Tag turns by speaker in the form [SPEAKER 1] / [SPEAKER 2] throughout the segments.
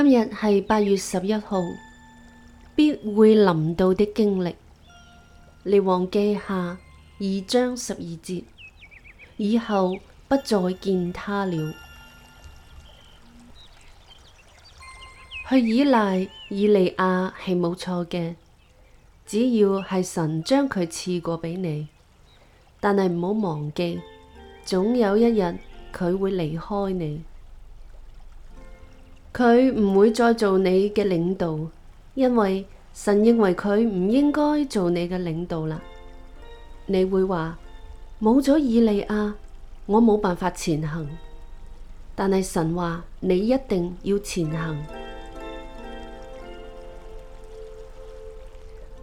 [SPEAKER 1] 今日係八月十一號，必會臨到的經歷。你忘記下二章十二節，以後不再見他了。去依賴以利亞係冇錯嘅，只要係神將佢賜過俾你。但係唔好忘記，總有一日佢會離開你。佢唔會再做你嘅領導，因為神認為佢唔應該做你嘅領導啦。你會話冇咗以利亞，我冇辦法前行。但係神話你一定要前行。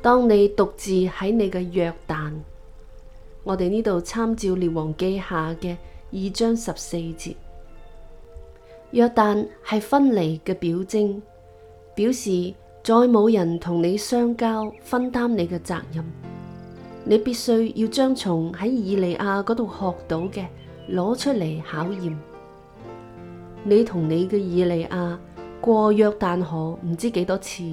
[SPEAKER 1] 當你獨自喺你嘅約旦，我哋呢度參照列王記下嘅二章十四節。約旦係分離嘅表徵，表示再冇人同你相交，分擔你嘅責任。你必須要將從喺以利亞嗰度學到嘅攞出嚟考驗。你同你嘅以利亞過約旦河唔知幾多次，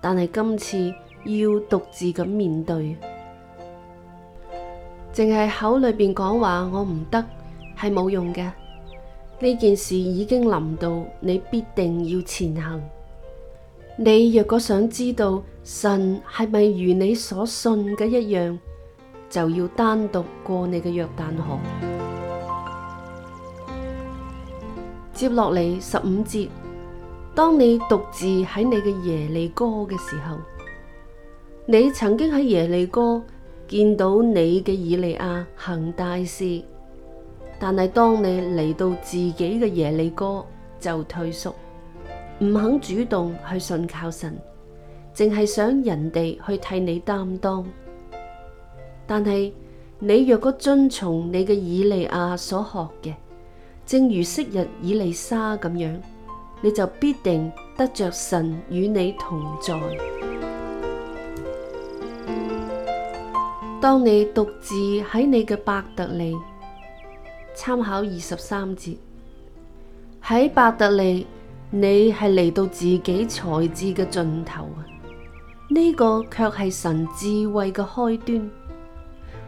[SPEAKER 1] 但係今次要獨自咁面對，淨係口裏邊講話，我唔得，係冇用嘅。呢件事已經臨到你，必定要前行。你若果想知道神係咪如你所信嘅一樣，就要單獨過你嘅約旦河。接落嚟，十五節，當你獨自喺你嘅耶利哥嘅時候，你曾經喺耶利哥見到你嘅以利亞行大事。但係當你嚟到自己嘅耶利哥，就退縮，唔肯主動去信靠神，淨係想人哋去替你擔當。但係，你若果遵從你嘅以利亞所學嘅，正如昔日以利沙咁樣，你就必定得着神與你同在。當你獨自喺你嘅伯特利。參考二十三節，喺伯特利，你係嚟到自己才智嘅盡頭啊！呢、這個卻係神智慧嘅開端。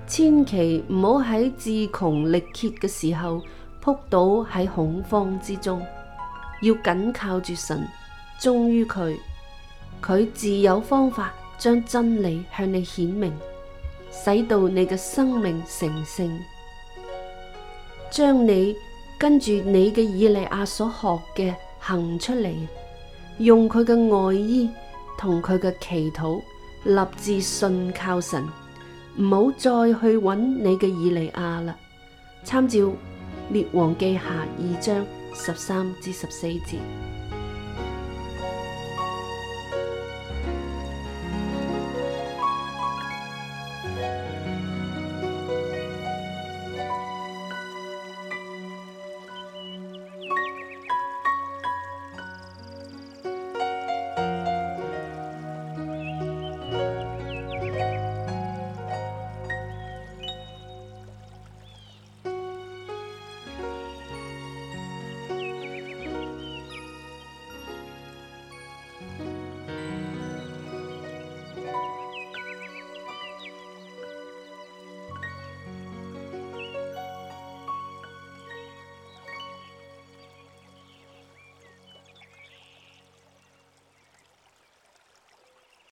[SPEAKER 1] 千祈唔好喺智窮力竭嘅時候撲倒喺恐慌之中，要緊靠住神，忠於佢，佢自有方法將真理向你顯明，使到你嘅生命成聖。將你跟住你嘅以利亞所學嘅行出嚟，用佢嘅外衣同佢嘅祈禱，立志信靠神，唔好再去揾你嘅以利亞啦。參照列王記下二章十三至十四節。